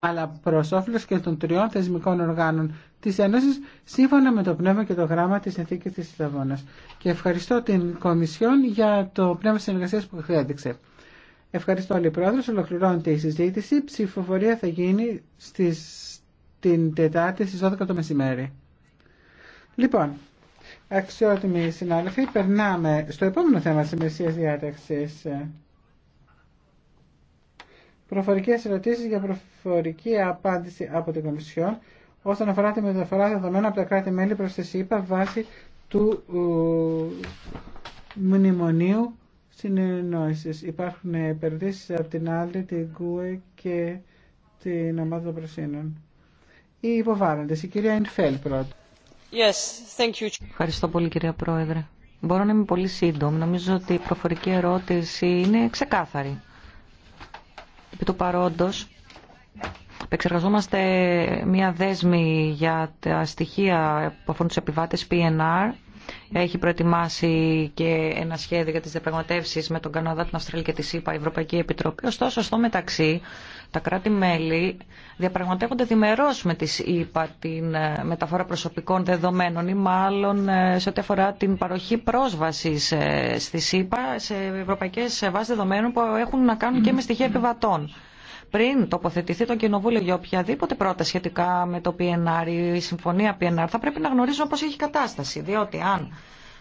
αλλά προ όφελο και των τριών θεσμικών οργάνων τη Ένωση, σύμφωνα με το πνεύμα και το γράμμα τη συνθήκη τη Λισαβόνα. Και ευχαριστώ την Κομισιόν για το πνεύμα συνεργασία που έδειξε. Ευχαριστώ όλοι οι πρόεδρο. Ολοκληρώνεται η συζήτηση. Ψηφοφορία θα γίνει στις... την Τετάρτη στι 12 το μεσημέρι. Λοιπόν, αξιότιμοι συνάδελφοι, περνάμε στο επόμενο θέμα τη ημερησία διάταξη. Προφορικέ ερωτήσει για προφορική απάντηση από την Κομισιόν όσον αφορά τη μεταφορά δεδομένων από τα κράτη-μέλη προ τη ΣΥΠΑ βάσει του μνημονίου συνεννόηση. Υπάρχουν επενδύσεις από την άλλη, την ΚΟΕ και την ομάδα των Προσύνων. Οι υποβάλλοντε, Η κυρία Ινφέλ πρώτα. Yes, thank you. Ευχαριστώ πολύ κυρία Πρόεδρε. Μπορώ να είμαι πολύ σύντομη. Νομίζω ότι η προφορική ερώτηση είναι ξεκάθαρη. Επί του παρόντος, επεξεργαζόμαστε μία δέσμη για τα στοιχεία που αφορούν τους επιβάτες PNR. Έχει προετοιμάσει και ένα σχέδιο για τις διαπραγματεύσεις με τον Καναδά, την Αυστραλία και τη ΣΥΠΑ, η Ευρωπαϊκή Επιτροπή. Ωστόσο, στο μεταξύ, τα κράτη-μέλη διαπραγματεύονται διμερώς με τις ΙΠΑ την ε, μεταφορά προσωπικών δεδομένων ή μάλλον ε, σε ό,τι αφορά την παροχή πρόσβασης ε, στις ΙΠΑ σε ευρωπαϊκές βάσεις δεδομένων που έχουν να κάνουν και με στοιχεία επιβατών πριν τοποθετηθεί το Κοινοβούλιο για οποιαδήποτε πρόταση σχετικά με το PNR ή η συμφωνία PNR, θα πρέπει να γνωρίζουμε πώ έχει κατάσταση. Διότι αν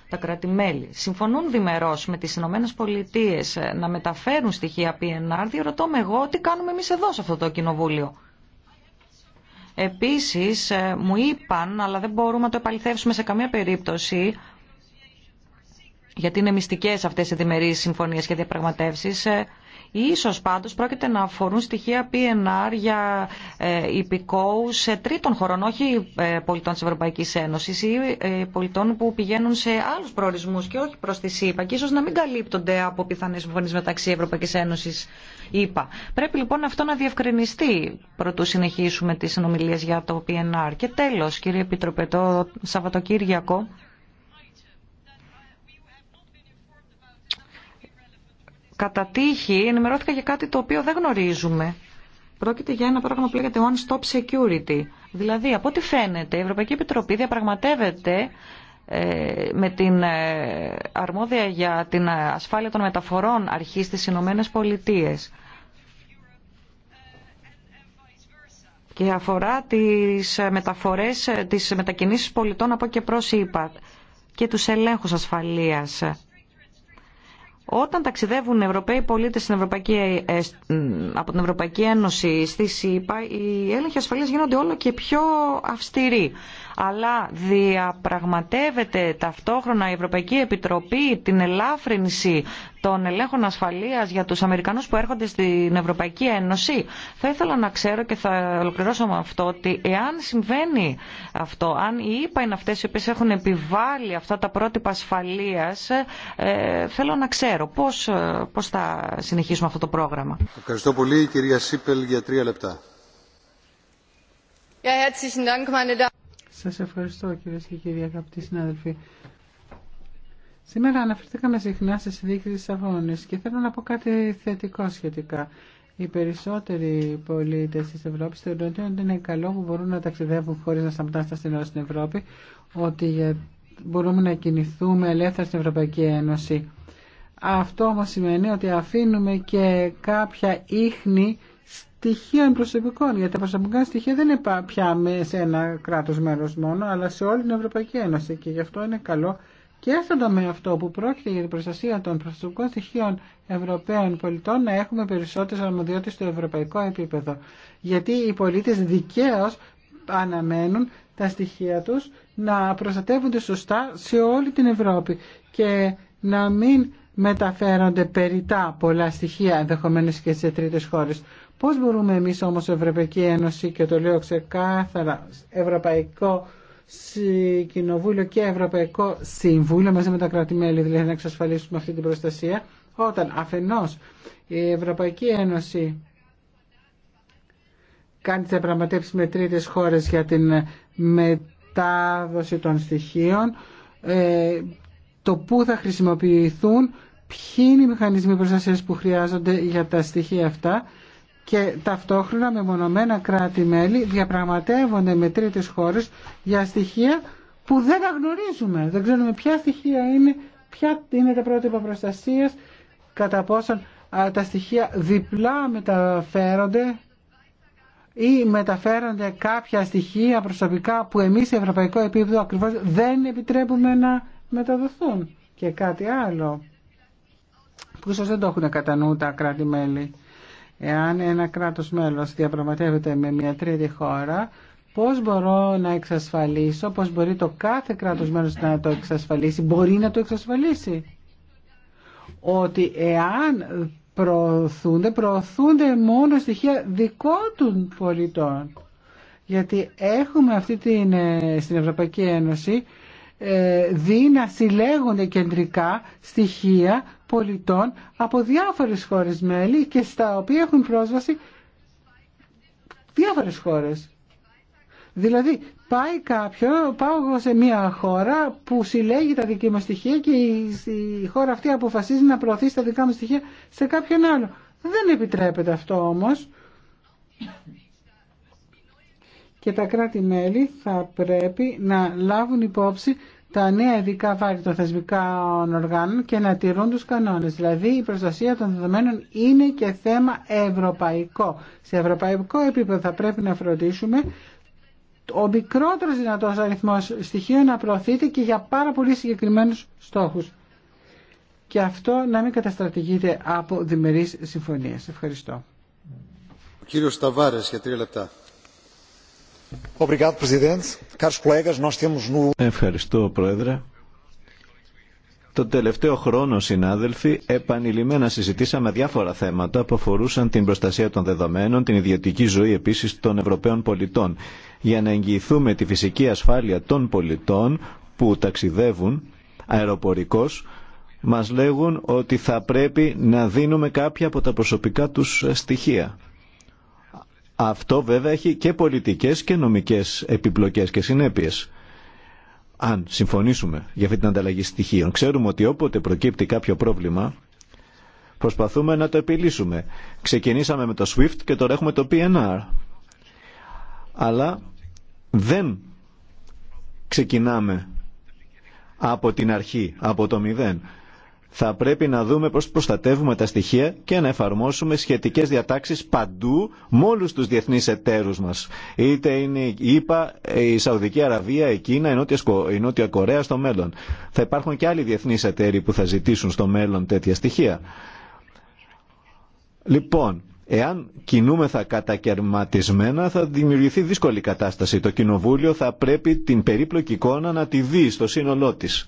τα κρατημέλη συμφωνούν διμερώς με τις Ηνωμένες Πολιτείες ε, να μεταφέρουν στοιχεία PNR, διερωτώ με εγώ τι κάνουμε εμείς εδώ σε αυτό το κοινοβούλιο. Επίσης ε, μου είπαν, αλλά δεν μπορούμε να το επαληθεύσουμε σε καμία περίπτωση, γιατί είναι μυστικές αυτές οι διμερείς συμφωνίες και διαπραγματεύσεις, ε, Ίσως πάντως πρόκειται να αφορούν στοιχεία PNR για ε, υπηκόους τρίτων χωρών, όχι ε, πολιτών της Ευρωπαϊκής Ένωσης ή ε, πολιτών που πηγαίνουν σε άλλους προορισμούς και όχι προς τη ΣΥΠΑ και ίσως να μην καλύπτονται από πιθανές συμφωνίες μεταξύ Ευρωπαϊκής Ένωσης ύπα. Πρέπει λοιπόν αυτό να διευκρινιστεί πρωτού συνεχίσουμε τις συνομιλίες για το PNR. Και τέλος, κύριε Επιτροπέ, το Σαββατοκύριακο κατά τύχη ενημερώθηκα για κάτι το οποίο δεν γνωρίζουμε. Πρόκειται για ένα πρόγραμμα που λέγεται One Stop Security. Δηλαδή, από ό,τι φαίνεται, η Ευρωπαϊκή Επιτροπή διαπραγματεύεται ε, με την ε, αρμόδια για την ασφάλεια των μεταφορών αρχή στις Ηνωμένε Πολιτείε. Και αφορά τις μεταφορές, ε, τις μετακινήσεις πολιτών από και προς ΗΠΑ και τους ελέγχους ασφαλείας όταν ταξιδεύουν Ευρωπαίοι πολίτες στην Ευρωπαϊκή, ε, από την Ευρωπαϊκή Ένωση στη ΣΥΠΑ, οι έλεγχοι ασφαλείας γίνονται όλο και πιο αυστηροί αλλά διαπραγματεύεται ταυτόχρονα η Ευρωπαϊκή Επιτροπή την ελάφρυνση των ελέγχων ασφαλείας για τους Αμερικανούς που έρχονται στην Ευρωπαϊκή Ένωση. Θα ήθελα να ξέρω και θα ολοκληρώσω με αυτό ότι εάν συμβαίνει αυτό, αν οι ΙΠΑ είναι αυτές οι οποίες έχουν επιβάλει αυτά τα πρότυπα ασφαλείας, ε, θέλω να ξέρω πώς, ε, πώς θα συνεχίσουμε αυτό το πρόγραμμα. Ευχαριστώ πολύ. κυρία Σίπελ για τρία λεπτά. Σας ευχαριστώ κυρίες και κύριοι αγαπητοί συνάδελφοι. Σήμερα αναφερθήκαμε συχνά σε συνδίκη της αγώνης και θέλω να πω κάτι θετικό σχετικά. Οι περισσότεροι πολίτε τη Ευρώπη θεωρούν ότι είναι καλό που μπορούν να ταξιδεύουν χωρί να σταματάνε στα σύνορα στην Ευρώπη, ότι μπορούμε να κινηθούμε ελεύθερα στην Ευρωπαϊκή Ένωση. Αυτό όμω σημαίνει ότι αφήνουμε και κάποια ίχνη στοιχείων προσωπικών. Γιατί τα προσωπικά στοιχεία δεν είναι πια σε ένα κράτος μέρος μόνο, αλλά σε όλη την Ευρωπαϊκή Ένωση. Και γι' αυτό είναι καλό και στον με αυτό που πρόκειται για την προστασία των προσωπικών στοιχείων Ευρωπαίων πολιτών να έχουμε περισσότερες αρμοδιότητες στο ευρωπαϊκό επίπεδο. Γιατί οι πολίτες δικαίω αναμένουν τα στοιχεία τους να προστατεύονται σωστά σε όλη την Ευρώπη και να μην μεταφέρονται περιτά πολλά στοιχεία ενδεχομένω και σε τρίτες χώρες. Πώς μπορούμε εμείς όμως η Ευρωπαϊκή Ένωση και το λέω ξεκάθαρα Ευρωπαϊκό Κοινοβούλιο και Ευρωπαϊκό Συμβούλιο μαζί με τα κράτη-μέλη δηλαδή να εξασφαλίσουμε αυτή την προστασία όταν αφενός η Ευρωπαϊκή Ένωση κάνει τις διαπραγματεύσεις με τρίτες χώρες για την μετάδοση των στοιχείων ε, το πού θα χρησιμοποιηθούν ποιοι είναι οι μηχανισμοί προστασίας που χρειάζονται για τα στοιχεία αυτά και ταυτόχρονα με μονομένα κράτη-μέλη διαπραγματεύονται με τρίτες χώρες για στοιχεία που δεν αγνωρίζουμε. Δεν ξέρουμε ποια στοιχεία είναι, ποια είναι τα πρότυπα προστασίας, κατά πόσον τα στοιχεία διπλά μεταφέρονται ή μεταφέρονται κάποια στοιχεία προσωπικά που εμείς σε ευρωπαϊκό επίπεδο ακριβώς δεν επιτρέπουμε να μεταδοθούν. Και κάτι άλλο που ίσως δεν το έχουν κατά νου τα κράτη-μέλη. Εάν ένα κράτος μέλος διαπραγματεύεται με μια τρίτη χώρα, πώς μπορώ να εξασφαλίσω, πώς μπορεί το κάθε κράτος μέλος να το εξασφαλίσει, μπορεί να το εξασφαλίσει. Ότι εάν προωθούνται, προωθούνται μόνο στοιχεία δικών του πολιτών. Γιατί έχουμε αυτή την, ε, στην Ευρωπαϊκή Ένωση ε, δει να συλλέγονται κεντρικά στοιχεία πολιτών από διάφορες χώρες μέλη και στα οποία έχουν πρόσβαση διάφορες χώρες. Δηλαδή, πάει κάποιο, πάω εγώ σε μια χώρα που συλλέγει τα δική μου στοιχεία και η, χώρα αυτή αποφασίζει να προωθήσει τα δικά μου στοιχεία σε κάποιον άλλο. Δεν επιτρέπεται αυτό όμως. Και τα κράτη-μέλη θα πρέπει να λάβουν υπόψη τα νέα ειδικά βάρη των θεσμικών οργάνων και να τηρούν τους κανόνες. Δηλαδή η προστασία των δεδομένων είναι και θέμα ευρωπαϊκό. Σε ευρωπαϊκό επίπεδο θα πρέπει να φροντίσουμε ο μικρότερο δυνατό αριθμό στοιχείων να προωθείται και για πάρα πολύ συγκεκριμένου στόχους. Και αυτό να μην καταστρατηγείται από διμερεί συμφωνίε. Ευχαριστώ. Κύριο για τρία λεπτά. Ευχαριστώ, Πρόεδρε. Το τελευταίο χρόνο, συνάδελφοι, επανειλημμένα συζητήσαμε διάφορα θέματα που αφορούσαν την προστασία των δεδομένων, την ιδιωτική ζωή επίσης των Ευρωπαίων πολιτών, για να εγγυηθούμε τη φυσική ασφάλεια των πολιτών που ταξιδεύουν αεροπορικώς, μας λέγουν ότι θα πρέπει να δίνουμε κάποια από τα προσωπικά τους στοιχεία. Αυτό βέβαια έχει και πολιτικές και νομικές επιπλοκές και συνέπειες. Αν συμφωνήσουμε για αυτή την ανταλλαγή στοιχείων, ξέρουμε ότι όποτε προκύπτει κάποιο πρόβλημα, προσπαθούμε να το επιλύσουμε. Ξεκινήσαμε με το SWIFT και τώρα έχουμε το PNR. Αλλά δεν ξεκινάμε από την αρχή, από το μηδέν θα πρέπει να δούμε πώς προστατεύουμε τα στοιχεία και να εφαρμόσουμε σχετικές διατάξεις παντού με όλους τους διεθνείς εταίρους μας. Είτε είναι η η Σαουδική Αραβία, η Κίνα, η Νότια, η Νότια Κορέα στο μέλλον. Θα υπάρχουν και άλλοι διεθνείς εταίροι που θα ζητήσουν στο μέλλον τέτοια στοιχεία. Λοιπόν, Εάν κινούμεθα κατακαιρματισμένα θα δημιουργηθεί δύσκολη κατάσταση. Το Κοινοβούλιο θα πρέπει την περίπλοκη εικόνα να τη δει στο σύνολό της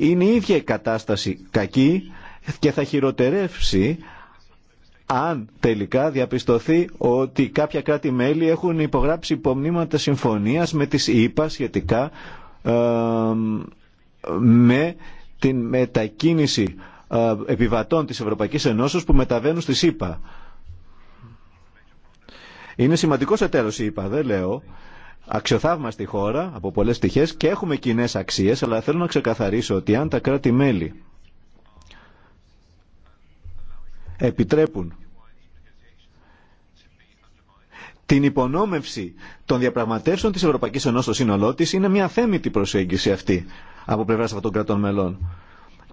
είναι η ίδια η κατάσταση κακή και θα χειροτερεύσει αν τελικά διαπιστωθεί ότι κάποια κράτη-μέλη έχουν υπογράψει υπομνήματα συμφωνίας με τις ΗΠΑ σχετικά ε, με την μετακίνηση ε, επιβατών της Ευρωπαϊκής Ενώσεως που μεταβαίνουν στις ΗΠΑ. Είναι σημαντικός εταίρος η ΗΠΑ, δεν λέω αξιοθαύμαστη χώρα από πολλές πτυχές και έχουμε κοινέ αξίες, αλλά θέλω να ξεκαθαρίσω ότι αν τα κράτη-μέλη επιτρέπουν την υπονόμευση των διαπραγματεύσεων της Ευρωπαϊκής Ενώσης στο σύνολό της είναι μια θέμητη προσέγγιση αυτή από πλευράς αυτών των κρατών μελών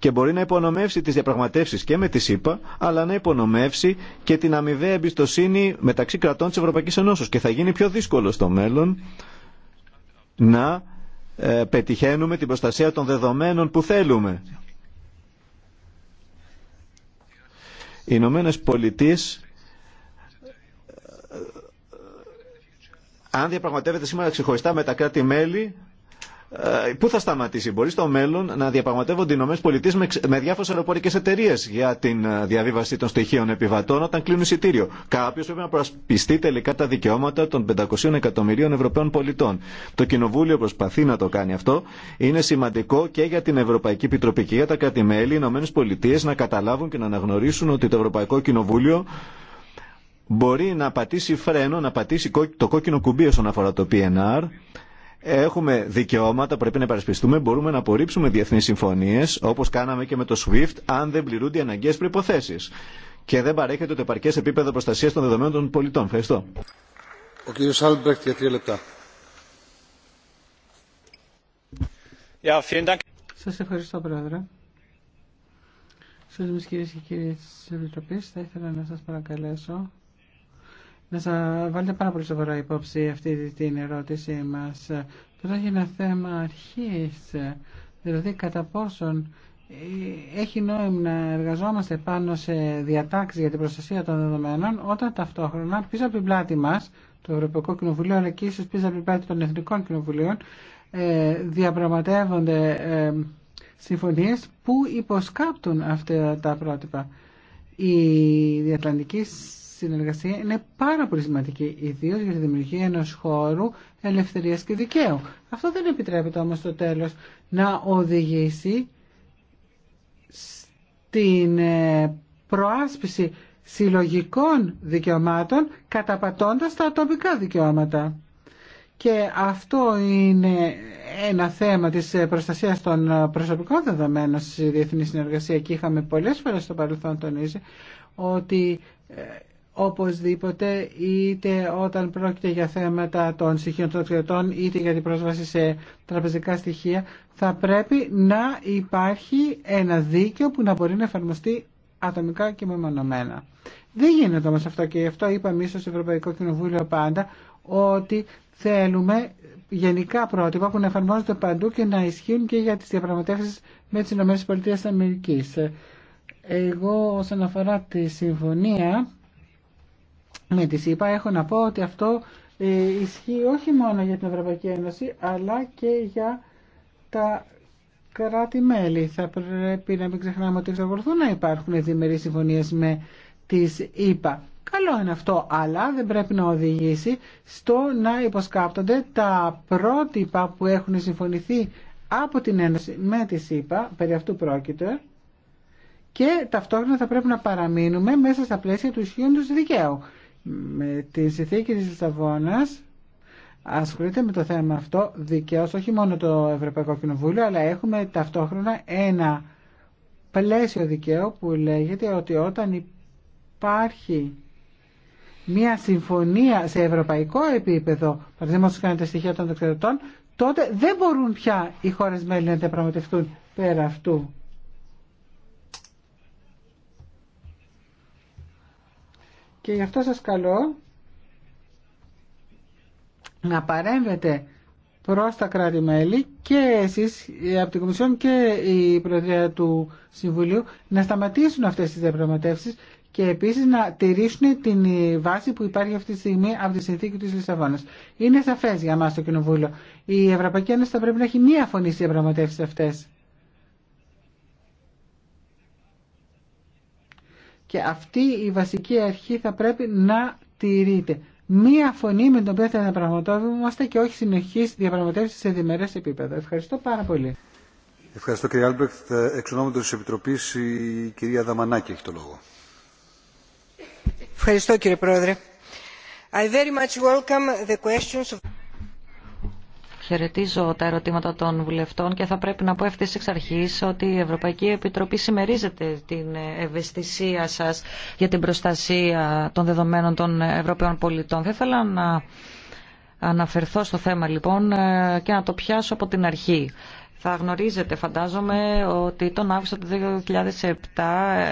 και μπορεί να υπονομεύσει τις διαπραγματεύσεις και με τη ΣΥΠΑ, αλλά να υπονομεύσει και την αμοιβαία εμπιστοσύνη μεταξύ κρατών της Ευρωπαϊκής Ενώσεως και θα γίνει πιο δύσκολο στο μέλλον να πετυχαίνουμε την προστασία των δεδομένων που θέλουμε. Οι Ηνωμένε Πολιτείε αν διαπραγματεύεται σήμερα ξεχωριστά με τα κράτη-μέλη, ε, πού θα σταματήσει, μπορεί στο μέλλον να διαπραγματεύονται οι ΗΠΑ με, με διάφορε αεροπορικέ εταιρείε για την ε, διαβίβαση των στοιχείων επιβατών όταν κλείνουν εισιτήριο. Κάποιο πρέπει να προασπιστεί τελικά τα δικαιώματα των 500 εκατομμυρίων Ευρωπαίων πολιτών. Το Κοινοβούλιο προσπαθεί να το κάνει αυτό. Είναι σημαντικό και για την Ευρωπαϊκή Επιτροπή και για τα κράτη-μέλη, οι ΗΠΑ να καταλάβουν και να αναγνωρίσουν ότι το Ευρωπαϊκό Κοινοβούλιο μπορεί να πατήσει φρένο, να πατήσει το κόκκινο κουμπί όσον αφορά το PNR Έχουμε δικαιώματα, πρέπει να υπερασπιστούμε, μπορούμε να απορρίψουμε διεθνείς συμφωνίες, όπως κάναμε και με το SWIFT, αν δεν πληρούνται οι αναγκαίες προϋποθέσεις και δεν παρέχεται το επαρκές επίπεδο προστασίας των δεδομένων των πολιτών. Ευχαριστώ. Ο κύριος Άλμπρεχτ για τρία λεπτά. Σας ευχαριστώ, Πρόεδρε. Σας κυρίες και κύριοι της Επιτροπής, θα ήθελα να σας παρακαλέσω να σας βάλετε πάρα πολύ σοβαρά υπόψη αυτή την ερώτησή μας. Τώρα έχει ένα θέμα αρχής, δηλαδή κατά πόσον ε, έχει νόημα να εργαζόμαστε πάνω σε διατάξεις για την προστασία των δεδομένων όταν ταυτόχρονα πίσω από την πλάτη μα, το Ευρωπαϊκό Κοινοβουλίο αλλά και ίσω πίσω από την πλάτη των Εθνικών Κοινοβουλίων ε, διαπραγματεύονται ε, συμφωνίε που υποσκάπτουν αυτά τα πρότυπα. Η διατλαντική συνεργασία είναι πάρα πολύ σημαντική, ιδίω για τη δημιουργία ενό χώρου ελευθερία και δικαίου. Αυτό δεν επιτρέπεται όμω στο τέλο να οδηγήσει στην ε, προάσπιση συλλογικών δικαιωμάτων καταπατώντας τα ατομικά δικαιώματα. Και αυτό είναι ένα θέμα της ε, προστασίας των ε, προσωπικών δεδομένων στη διεθνή συνεργασία και είχαμε πολλές φορές στο παρελθόν ότι οπωσδήποτε είτε όταν πρόκειται για θέματα των στοιχείων των αξιωτών είτε για την πρόσβαση σε τραπεζικά στοιχεία θα πρέπει να υπάρχει ένα δίκαιο που να μπορεί να εφαρμοστεί ατομικά και μεμονωμένα. Δεν γίνεται όμως αυτό και γι' αυτό είπαμε ίσως στο Ευρωπαϊκό Κοινοβούλιο πάντα ότι θέλουμε γενικά πρότυπα που να εφαρμόζονται παντού και να ισχύουν και για τις διαπραγματεύσεις με τις ΗΠΑ. Εγώ όσον αφορά τη συμφωνία με τη ΣΥΠΑ έχω να πω ότι αυτό ε, ισχύει όχι μόνο για την Ευρωπαϊκή Ένωση αλλά και για τα κράτη-μέλη. Θα πρέπει να μην ξεχνάμε ότι εξακολουθούν να υπάρχουν διμερεί συμφωνίε με τη ΣΥΠΑ. Καλό είναι αυτό, αλλά δεν πρέπει να οδηγήσει στο να υποσκάπτονται τα πρότυπα που έχουν συμφωνηθεί από την Ένωση με τη ΣΥΠΑ, περί αυτού πρόκειται, και ταυτόχρονα θα πρέπει να παραμείνουμε μέσα στα πλαίσια του ισχύοντος δικαίου με τη συνθήκη της Λισαβόνας ασχολείται με το θέμα αυτό δικαίως όχι μόνο το Ευρωπαϊκό Κοινοβούλιο αλλά έχουμε ταυτόχρονα ένα πλαίσιο δικαίου που λέγεται ότι όταν υπάρχει μια συμφωνία σε ευρωπαϊκό επίπεδο, παραδείγματο κάνει τα στοιχεία των δεξιωτών, τότε δεν μπορούν πια οι χώρε μέλη να διαπραγματευτούν πέρα αυτού. Και γι' αυτό σας καλώ να παρέμβετε προς τα κράτη-μέλη και εσείς ε, από την Κομισιόν και η Προεδρία του Συμβουλίου να σταματήσουν αυτές τις διαπραγματεύσεις και επίσης να τηρήσουν την βάση που υπάρχει αυτή τη στιγμή από τη συνθήκη της Λισαβόνας. Είναι σαφές για μας το Κοινοβούλιο. Η Ευρωπαϊκή Ένωση θα πρέπει να έχει μία φωνή στις διαπραγματεύσεις αυτές. Και αυτή η βασική αρχή θα πρέπει να τηρείται. Μία φωνή με την οποία θα διαπραγματεύουμε και όχι συνεχή διαπραγματεύσει σε διμερές επίπεδο. Ευχαριστώ πάρα πολύ. Ευχαριστώ κύριε Άλμπρεκτ. Εξ ονόματο της Επιτροπής η κυρία Δαμανάκη έχει το λόγο. Ευχαριστώ κύριε Πρόεδρε. I very much welcome the questions of χαιρετίζω τα ερωτήματα των βουλευτών και θα πρέπει να πω ευθύ εξ αρχή ότι η Ευρωπαϊκή Επιτροπή συμμερίζεται την ευαισθησία σα για την προστασία των δεδομένων των Ευρωπαίων πολιτών. Θα ήθελα να αναφερθώ στο θέμα λοιπόν ε, και να το πιάσω από την αρχή. Θα γνωρίζετε φαντάζομαι ότι τον Αύγουστο του 2007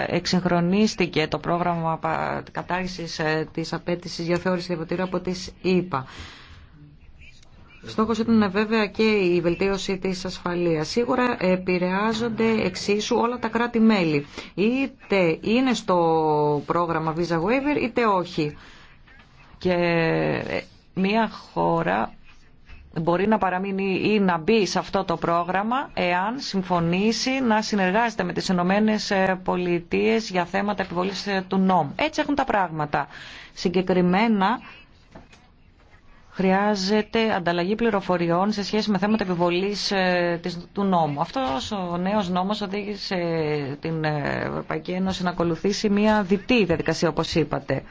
εξυγχρονίστηκε το πρόγραμμα κατάργησης ε, της απέτηση για θεώρηση διαβατήριου από τις ΗΠΑ. Στόχο ήταν ναι, βέβαια και η βελτίωση τη ασφαλείας. Σίγουρα επηρεάζονται εξίσου όλα τα κράτη-μέλη. Είτε είναι στο πρόγραμμα Visa Waiver είτε όχι. Και ε, μια χώρα μπορεί να παραμείνει ή να μπει σε αυτό το πρόγραμμα εάν συμφωνήσει να συνεργάζεται με τις Ηνωμένε ε, Πολιτείες για θέματα επιβολής ε, του νόμου. Έτσι έχουν τα πράγματα. Συγκεκριμένα χρειάζεται ανταλλαγή πληροφοριών σε σχέση με θέματα επιβολής ε, του νόμου. Αυτός ο νέος νόμος οδήγησε την Ευρωπαϊκή Ένωση να ακολουθήσει μια διτή διαδικασία όπως είπατε.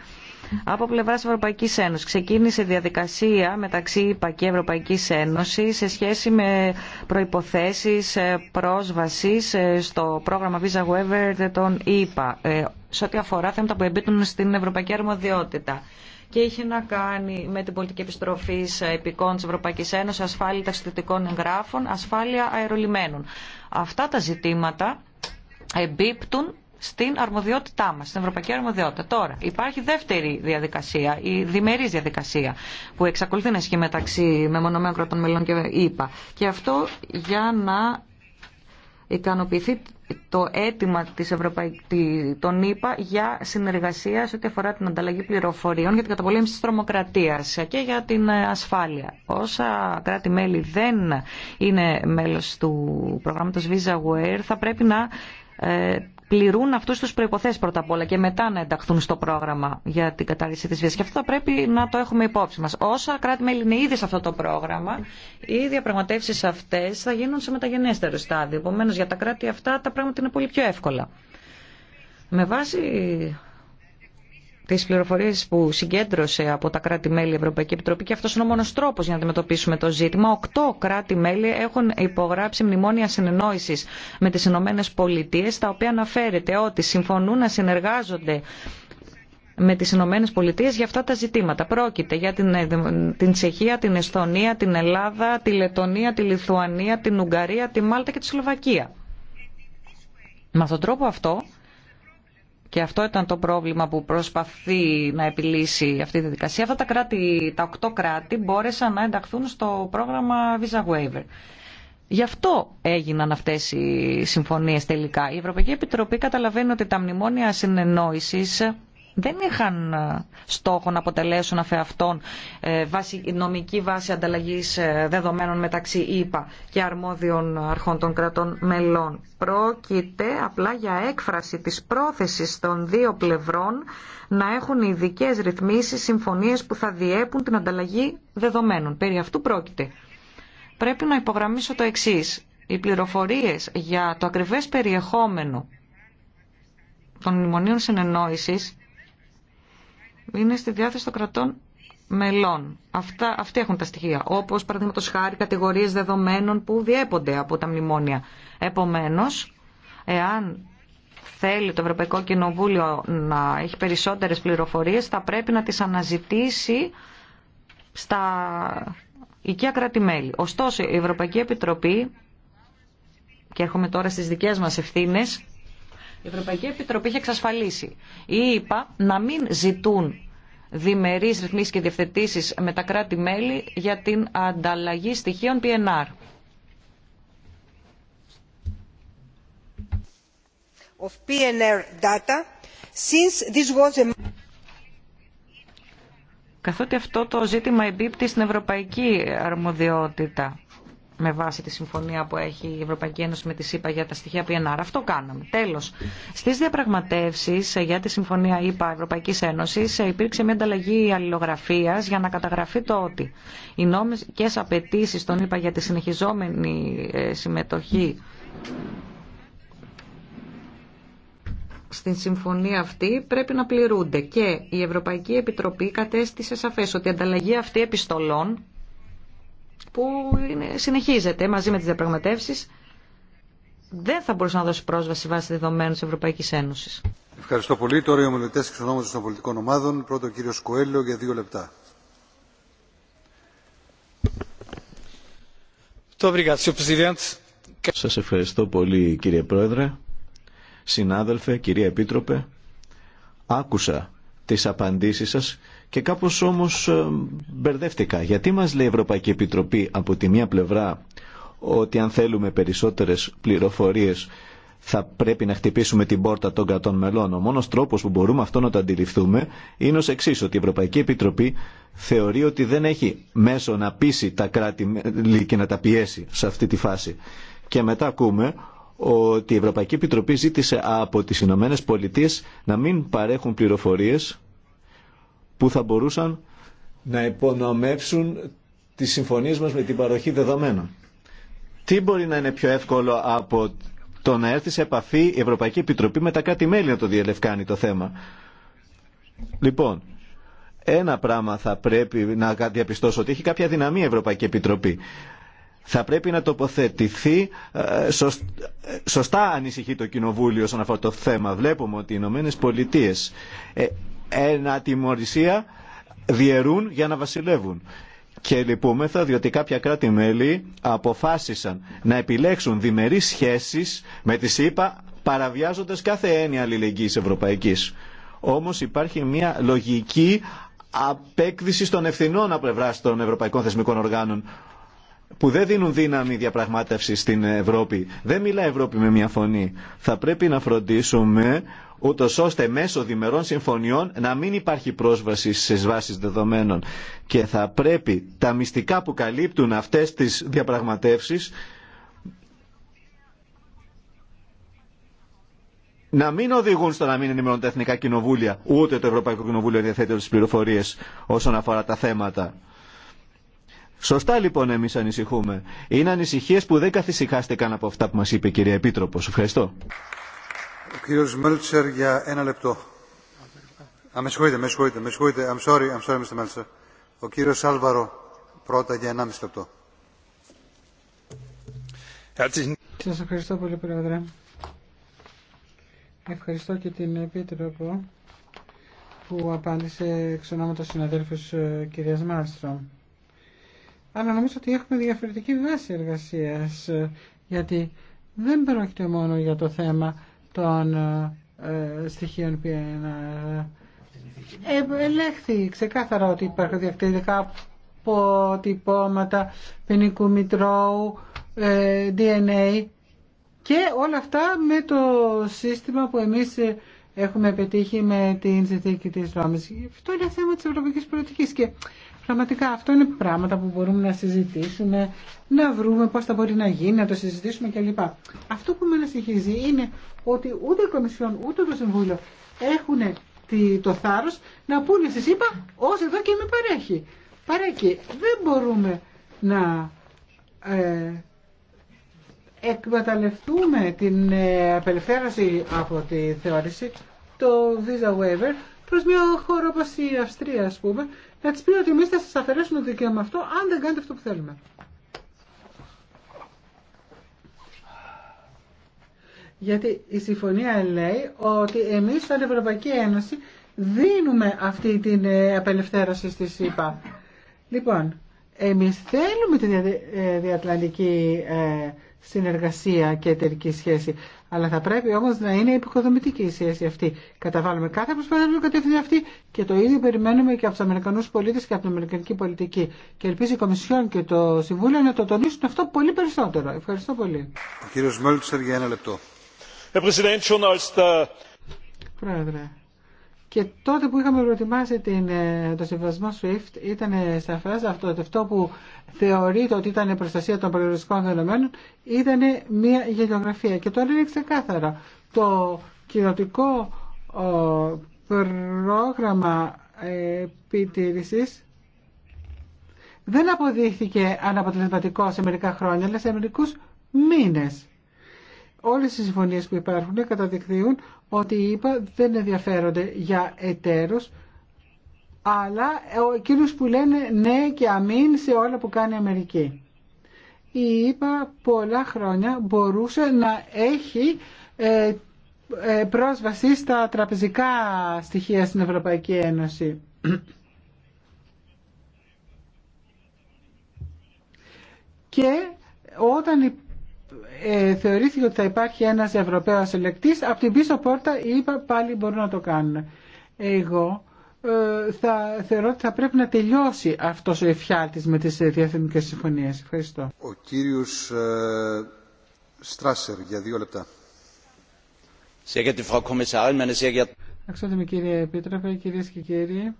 Από πλευρά Ευρωπαϊκή Ένωση ξεκίνησε διαδικασία μεταξύ ΙΠΑ και Ευρωπαϊκή Ένωση σε σχέση με προποθέσει ε, πρόσβαση ε, στο πρόγραμμα Visa Waiver των ΙΠΑ σε ό,τι αφορά θέματα που εμπίπτουν στην Ευρωπαϊκή Αρμοδιότητα και είχε να κάνει με την πολιτική επιστροφή επικών τη Ευρωπαϊκή Ένωση, ασφάλεια ταξιδιωτικών εγγράφων, ασφάλεια αερολιμένων. Αυτά τα ζητήματα εμπίπτουν στην αρμοδιότητά μα, στην ευρωπαϊκή αρμοδιότητα. Τώρα, υπάρχει δεύτερη διαδικασία, η διμερή διαδικασία, που εξακολουθεί να ισχύει μεταξύ μεμονωμένων κρατών μελών και ΕΠΑ. Και αυτό για να ικανοποιηθεί το αίτημα της Ευρωπαϊκής, των ΗΠΑ για συνεργασία σε ό,τι αφορά την ανταλλαγή πληροφοριών για την καταπολέμηση της τρομοκρατίας και για την ε, ασφάλεια. Όσα κράτη-μέλη δεν είναι μέλος του προγράμματος VisaWare θα πρέπει να ε, πληρούν αυτού του προποθέσει πρώτα απ' όλα και μετά να ενταχθούν στο πρόγραμμα για την κατάργηση τη βία. Και αυτό θα πρέπει να το έχουμε υπόψη μα. Όσα κράτη-μέλη είναι ήδη σε αυτό το πρόγραμμα, οι διαπραγματεύσει αυτέ θα γίνουν σε μεταγενέστερο στάδιο. Επομένω, για τα κράτη αυτά τα πράγματα είναι πολύ πιο εύκολα. Με βάση τι πληροφορίε που συγκέντρωσε από τα κράτη-μέλη Ευρωπαϊκή Επιτροπή και αυτό είναι ο μόνο τρόπο για να αντιμετωπίσουμε το ζήτημα. Οκτώ κράτη-μέλη έχουν υπογράψει μνημόνια συνεννόηση με τι Ηνωμένε Πολιτείες, τα οποία αναφέρεται ότι συμφωνούν να συνεργάζονται με τις Ηνωμένε Πολιτείες για αυτά τα ζητήματα. Πρόκειται για την, την Τσεχία, την Εσθονία, την Ελλάδα, τη Λετωνία, τη Λιθουανία, την Ουγγαρία, τη Μάλτα και τη Σλοβακία. Με τον τρόπο αυτό και αυτό ήταν το πρόβλημα που προσπαθεί να επιλύσει αυτή η διαδικασία. Αυτά τα, κράτη, τα οκτώ κράτη μπόρεσαν να ενταχθούν στο πρόγραμμα Visa Waiver. Γι' αυτό έγιναν αυτές οι συμφωνίες τελικά. Η Ευρωπαϊκή Επιτροπή καταλαβαίνει ότι τα μνημόνια συνεννόησης δεν είχαν ε, στόχο να αποτελέσουν ε, βάση νομική βάση ανταλλαγής ε, δεδομένων μεταξύ ΙΠΑ και αρμόδιων αρχών των κρατών μελών. Πρόκειται απλά για έκφραση της πρόθεσης των δύο πλευρών να έχουν ειδικέ ρυθμίσεις, συμφωνίες που θα διέπουν την ανταλλαγή δεδομένων. Περί αυτού πρόκειται. Πρέπει να υπογραμμίσω το εξή. Οι πληροφορίες για το ακριβές περιεχόμενο των μνημονίων συνεννόησης είναι στη διάθεση των κρατών μελών. Αυτά, αυτοί έχουν τα στοιχεία. Όπω, παραδείγματο χάρη, κατηγορίε δεδομένων που διέπονται από τα μνημόνια. Επομένω, εάν θέλει το Ευρωπαϊκό Κοινοβούλιο να έχει περισσότερες πληροφορίες, θα πρέπει να τις αναζητήσει στα οικία κράτη-μέλη. Ωστόσο, η Ευρωπαϊκή Επιτροπή, και έρχομαι τώρα στις δικές μας ευθύνες, η Ευρωπαϊκή Επιτροπή είχε εξασφαλίσει ή είπα να μην ζητούν διμερεί ρυθμίσει και διευθετήσεις με τα κράτη-μέλη για την ανταλλαγή στοιχείων PNR. Of PNR data, since this was a... Καθότι αυτό το ζήτημα εμπίπτει στην ευρωπαϊκή αρμοδιότητα με βάση τη συμφωνία που έχει η Ευρωπαϊκή Ένωση με τη ΣΥΠΑ για τα στοιχεία PNR. Αυτό κάναμε. Τέλο, στι διαπραγματεύσει για τη συμφωνία ΕΠΑ Ευρωπαϊκή Ένωση υπήρξε μια ανταλλαγή αλληλογραφία για να καταγραφεί το ότι οι νόμικε απαιτήσει των ΕΠΑ για τη συνεχιζόμενη ε, συμμετοχή στην συμφωνία αυτή πρέπει να πληρούνται και η Ευρωπαϊκή Επιτροπή κατέστησε σαφές ότι η ανταλλαγή αυτή επιστολών που συνεχίζεται μαζί με τις διαπραγματεύσεις δεν θα μπορούσε να δώσει πρόσβαση βάσει δεδομένων της Ευρωπαϊκής Ένωσης. Ευχαριστώ πολύ. Τώρα οι ομιλητές εξ των πολιτικών ομάδων. Πρώτο ο κύριος Κοέλιο για δύο λεπτά. Σας ευχαριστώ πολύ κύριε Πρόεδρε, συνάδελφε, κυρία Επίτροπε. Άκουσα τις απαντήσεις σας και κάπως όμως ε, μπερδεύτηκα. Γιατί μας λέει η Ευρωπαϊκή Επιτροπή από τη μία πλευρά ότι αν θέλουμε περισσότερες πληροφορίες θα πρέπει να χτυπήσουμε την πόρτα των κρατών μελών. Ο μόνος τρόπος που μπορούμε αυτό να το αντιληφθούμε είναι ως εξή ότι η Ευρωπαϊκή Επιτροπή θεωρεί ότι δεν έχει μέσο να πείσει τα κράτη και να τα πιέσει σε αυτή τη φάση. Και μετά ακούμε ότι η Ευρωπαϊκή Επιτροπή ζήτησε από τις Ηνωμένε Πολιτείες να μην παρέχουν πληροφορίες που θα μπορούσαν να υπονομεύσουν τις συμφωνίες μας με την παροχή δεδομένων. Τι μπορεί να είναι πιο εύκολο από το να έρθει σε επαφή η Ευρωπαϊκή Επιτροπή με τα κράτη-μέλη να το διελευκάνει το θέμα. Λοιπόν, ένα πράγμα θα πρέπει να διαπιστώσω ότι έχει κάποια δυναμία η Ευρωπαϊκή Επιτροπή θα πρέπει να τοποθετηθεί ε, σωστά ανησυχεί το Κοινοβούλιο σαν αυτό το θέμα. Βλέπουμε ότι οι Ηνωμένε Πολιτείε ε, ένα τιμωρησία διαιρούν για να βασιλεύουν. Και λυπούμεθα διότι κάποια κράτη-μέλη αποφάσισαν να επιλέξουν διμερείς σχέσεις με τις ΗΠΑ παραβιάζοντας κάθε έννοια αλληλεγγύης ευρωπαϊκής. Όμως υπάρχει μια λογική απέκτηση των ευθυνών από πλευρά των ευρωπαϊκών θεσμικών οργάνων που δεν δίνουν δύναμη διαπραγμάτευση στην Ευρώπη. Δεν μιλά Ευρώπη με μια φωνή. Θα πρέπει να φροντίσουμε ούτω ώστε μέσω διμερών συμφωνιών να μην υπάρχει πρόσβαση στι βάσει δεδομένων. Και θα πρέπει τα μυστικά που καλύπτουν αυτέ τι διαπραγματεύσει να μην οδηγούν στο να μην ενημερώνουν τα εθνικά κοινοβούλια, ούτε το Ευρωπαϊκό Κοινοβούλιο διαθέτει τι πληροφορίε όσον αφορά τα θέματα. Σωστά λοιπόν εμείς ανησυχούμε. Είναι ανησυχίες που δεν καθησυχάστηκαν από αυτά που μας είπε η κυρία Επίτροπος. Ευχαριστώ. Ο κύριος Μέλτσερ για ένα λεπτό. Α, με συγχωρείτε, με συγχωρείτε, με συγχωρείτε. I'm sorry, I'm sorry, Mr. Μέλτσερ. Ο κύριος Άλβαρο πρώτα για 1,5 λεπτό. Σας ευχαριστώ πολύ, Πρόεδρε. Ευχαριστώ και την Επίτροπο που απάντησε με τον συναδέλφους ε, κυρίας Μάλστρομ αλλά νομίζω ότι έχουμε διαφορετική βάση εργασίας γιατί δεν πρόκειται μόνο για το θέμα των ε, στοιχείων PNR. Ε, ελέγχθη ξεκάθαρα ότι υπάρχουν διακτηρικά αποτυπώματα ποινικού μητρώου, ε, DNA και όλα αυτά με το σύστημα που εμείς έχουμε πετύχει με την συνθήκη της Ρώμης. Αυτό είναι θέμα της ευρωπαϊκής πολιτικής Πραγματικά αυτό είναι πράγματα που μπορούμε να συζητήσουμε, να βρούμε πώς θα μπορεί να γίνει, να το συζητήσουμε κλπ. Αυτό που με ανασυχίζει είναι ότι ούτε η Κομισιόν ούτε το Συμβούλιο έχουν το θάρρος να πούνε στις είπα ως εδώ και με παρέχει. Παρέχει. Δεν μπορούμε να ε, εκμεταλλευτούμε την ε, απελευθέρωση από τη θεώρηση, το Visa Waiver, προς μια χώρα όπω η Αυστρία πούμε, να της πει ότι εμεί θα σας αφαιρέσουμε το δικαίωμα αυτό αν δεν κάνετε αυτό που θέλουμε. Γιατί η συμφωνία λέει ότι εμείς σαν Ευρωπαϊκή Ένωση δίνουμε αυτή την ε, απελευθέρωση στη ΣΥΠΑ. Λοιπόν, εμείς θέλουμε τη ε, διατλαντική ε, συνεργασία και εταιρική σχέση. Αλλά θα πρέπει όμως να είναι επικοδομητική η σχέση αυτή. Καταβάλουμε κάθε προσπάθεια να κατεύθυνση αυτή και το ίδιο περιμένουμε και από του Αμερικανού πολίτες και από την Αμερικανική πολιτική. Και ελπίζει η Κομισιόν και το Συμβούλιο να το τονίσουν αυτό πολύ περισσότερο. Ευχαριστώ πολύ. Äh, Πρόεδρε, και τότε που είχαμε προετοιμάσει την, ε, το συμβασμό SWIFT ήταν σαφές αυτό, αυτό που θεωρείται ότι ήταν προστασία των περιοριστικών δεδομένων ήταν μια γεωγραφία Και τώρα είναι ξεκάθαρα. Το κοινοτικό πρόγραμμα επιτήρησης δεν αποδείχθηκε αναποτελεσματικό σε μερικά χρόνια, αλλά σε μερικού μήνες όλες οι συμφωνίες που υπάρχουν καταδεικνύουν ότι οι ΗΠΑ δεν ενδιαφέρονται για εταίρους αλλά εκείνους που λένε ναι και αμήν σε όλα που κάνει η Αμερική. Η ΕΠΑ πολλά χρόνια μπορούσε να έχει ε, ε, πρόσβαση στα τραπεζικά στοιχεία στην Ευρωπαϊκή Ένωση. Και όταν ε, θεωρήθηκε ότι θα υπάρχει ένας Ευρωπαίος ελεκτής, από την πίσω πόρτα είπα πάλι μπορούν να το κάνουν. Εγώ ε, θα θεωρώ ότι θα πρέπει να τελειώσει αυτός ο εφιάλτης με τις διαθεμικές συμφωνίες. Ευχαριστώ. Ο κύριος ε, Στράσερ για δύο λεπτά. Αξιότιμη κύριε Επίτροπε, κυρίες και κύριοι,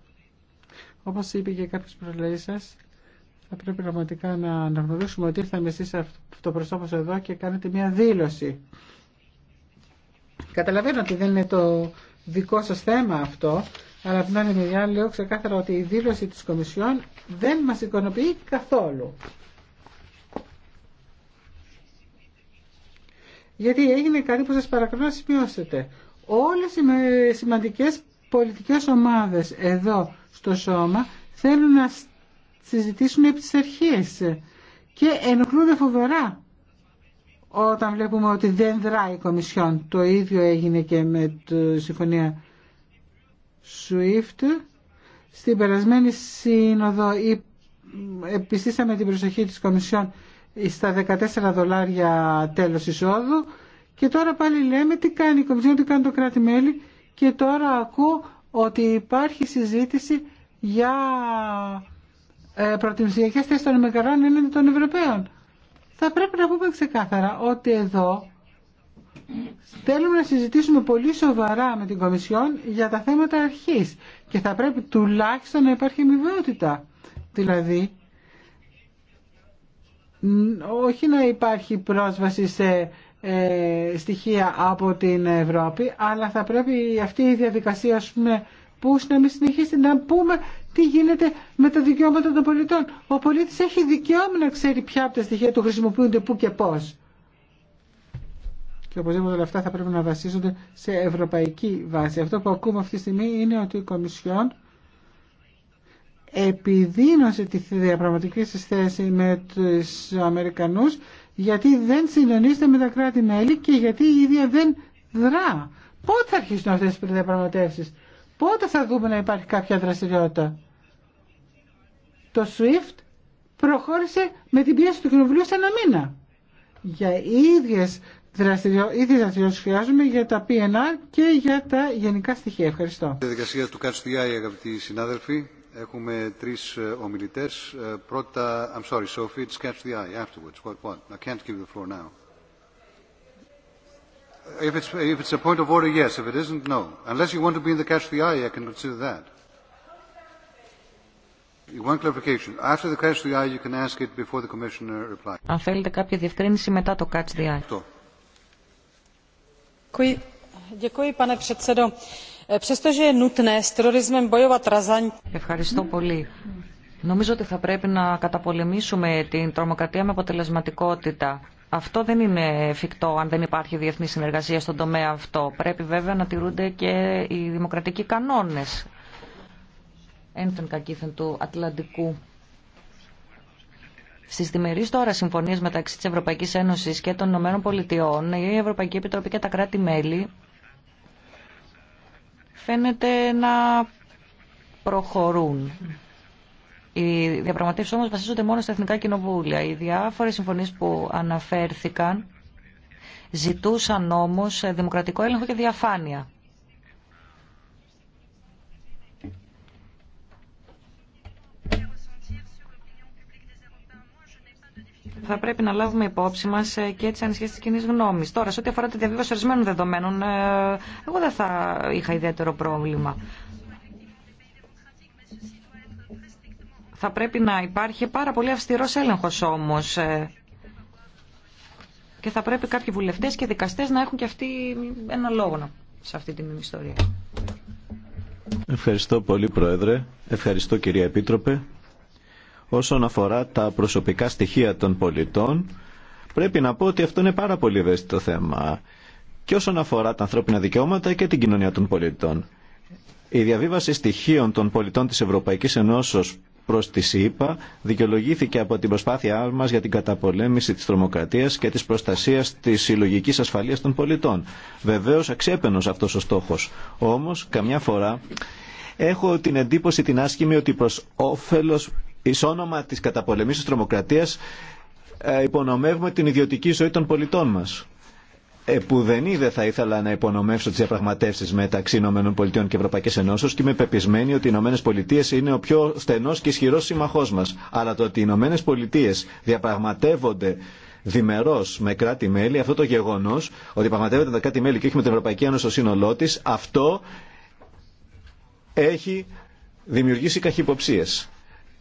όπως είπε και κάποιος προλαλής σας, θα πρέπει πραγματικά να αναγνωρίσουμε ότι ήρθαμε εσείς σε εδώ και κάνετε μια δήλωση. Καταλαβαίνω ότι δεν είναι το δικό σας θέμα αυτό, αλλά από την άλλη μεριά λέω ξεκάθαρα ότι η δήλωση της Κομισιόν δεν μας εικονοποιεί καθόλου. Γιατί έγινε κάτι που σας παρακαλώ να σημειώσετε. Όλες οι σημαντικές πολιτικές ομάδες εδώ στο σώμα θέλουν να συζητήσουν επί τις και ενοχλούνται φοβερά όταν βλέπουμε ότι δεν δράει η Κομισιόν. Το ίδιο έγινε και με τη συμφωνία SWIFT. Στην περασμένη σύνοδο επιστήσαμε την προσοχή της Κομισιόν στα 14 δολάρια τέλος εισόδου και τώρα πάλι λέμε τι κάνει η Κομισιόν, τι κάνει το κράτη-μέλη και τώρα ακούω ότι υπάρχει συζήτηση για ε, προτιμησιακές θέσεις των μεγαλών είναι των Ευρωπαίων. Θα πρέπει να πούμε ξεκάθαρα ότι εδώ θέλουμε να συζητήσουμε πολύ σοβαρά με την Κομισιόν για τα θέματα αρχής και θα πρέπει τουλάχιστον να υπάρχει αμοιβαιότητα. Δηλαδή, όχι να υπάρχει πρόσβαση σε ε, στοιχεία από την Ευρώπη, αλλά θα πρέπει αυτή η διαδικασία, ας πούμε, που να μην συνεχίσει να πούμε τι γίνεται με τα δικαιώματα των πολιτών. Ο πολίτης έχει δικαίωμα να ξέρει ποια από τα στοιχεία του χρησιμοποιούνται πού και πώς. Και οπωσδήποτε όλα αυτά θα πρέπει να βασίζονται σε ευρωπαϊκή βάση. Αυτό που ακούμε αυτή τη στιγμή είναι ότι η Κομισιόν επιδίνωσε τη διαπραγματική τη θέση με τους Αμερικανούς γιατί δεν συντονίζεται με τα κράτη-μέλη και γιατί η ίδια δεν δρά. Πότε θα αρχίσουν αυτές τις διαπραγματεύσεις, πότε θα δούμε να υπάρχει κάποια δραστηριότητα το SWIFT προχώρησε με την πίεση του Κοινοβουλίου σε ένα μήνα. Για ίδιες δραστηριότητες χρειάζομαι για τα PNR και για τα γενικά στοιχεία. Ευχαριστώ. Στη διαδικασία του ΚΑΤΣΤΙΑΙ, αγαπητοί συνάδελφοι, έχουμε τρεις ε, ομιλητές. Ε, πρώτα, I'm sorry, Sophie, it's Eye afterwards. What, what? I can't give the floor now. If it's, if it's a point of order, yes. If it isn't, no. Unless you want to be in the catch the eye, I can consider that. Αν θέλετε κάποια διευκρίνηση μετά το catch the eye. Ευχαριστώ πολύ. Νομίζω ότι θα πρέπει να καταπολεμήσουμε την τρομοκρατία με αποτελεσματικότητα. Αυτό δεν είναι εφικτό αν δεν υπάρχει διεθνή συνεργασία στον τομέα αυτό. Πρέπει βέβαια να τηρούνται και οι δημοκρατικοί κανόνες εν των του Ατλαντικού. Στι διμερεί τώρα συμφωνίε μεταξύ τη Ευρωπαϊκή Ένωση και των Ηνωμένων Πολιτειών, η Ευρωπαϊκή Επιτροπή και τα κράτη-μέλη φαίνεται να προχωρούν. Οι διαπραγματεύσει όμω βασίζονται μόνο στα εθνικά κοινοβούλια. Οι διάφορε συμφωνίε που αναφέρθηκαν ζητούσαν όμω δημοκρατικό έλεγχο και διαφάνεια. θα πρέπει να λάβουμε υπόψη μα ε, και τι ανησυχίε τη κοινή γνώμη. Τώρα, σε ό,τι αφορά τη διαβίβαση ορισμένων δεδομένων, ε, εγώ δεν θα είχα ιδιαίτερο πρόβλημα. Θα πρέπει να υπάρχει πάρα πολύ αυστηρό έλεγχος όμως ε, και θα πρέπει κάποιοι βουλευτές και δικαστές να έχουν και αυτοί ένα λόγο σε αυτή την ιστορία. Ευχαριστώ πολύ Πρόεδρε. Ευχαριστώ κυρία Επίτροπε όσον αφορά τα προσωπικά στοιχεία των πολιτών, πρέπει να πω ότι αυτό είναι πάρα πολύ ευαίσθητο θέμα και όσον αφορά τα ανθρώπινα δικαιώματα και την κοινωνία των πολιτών. Η διαβίβαση στοιχείων των πολιτών της Ευρωπαϊκής Ενώσεως προς τη ΣΥΠΑ δικαιολογήθηκε από την προσπάθειά μας για την καταπολέμηση της τρομοκρατίας και της προστασίας της συλλογική ασφαλείας των πολιτών. Βεβαίως αξέπαινος αυτός ο στόχος. Όμως, καμιά φορά, έχω την εντύπωση την άσχημη ότι προς όφελος εις όνομα της καταπολεμής τρομοκρατίας ε, υπονομεύουμε την ιδιωτική ζωή των πολιτών μας. Ε, που δεν θα ήθελα να υπονομεύσω τι διαπραγματεύσει μεταξύ ΗΠΑ και Ευρωπαϊκή Ενώσεω και είμαι πεπισμένη ότι οι ΗΠΑ είναι ο πιο στενό και ισχυρό σύμμαχό μα. Αλλά το ότι οι ΗΠΑ διαπραγματεύονται δημερό με κράτη-μέλη, αυτό το γεγονό ότι διαπραγματεύονται τα κράτη-μέλη και όχι με την Ευρωπαϊκή Ένωση στο σύνολό τη, αυτό έχει δημιουργήσει καχυποψίε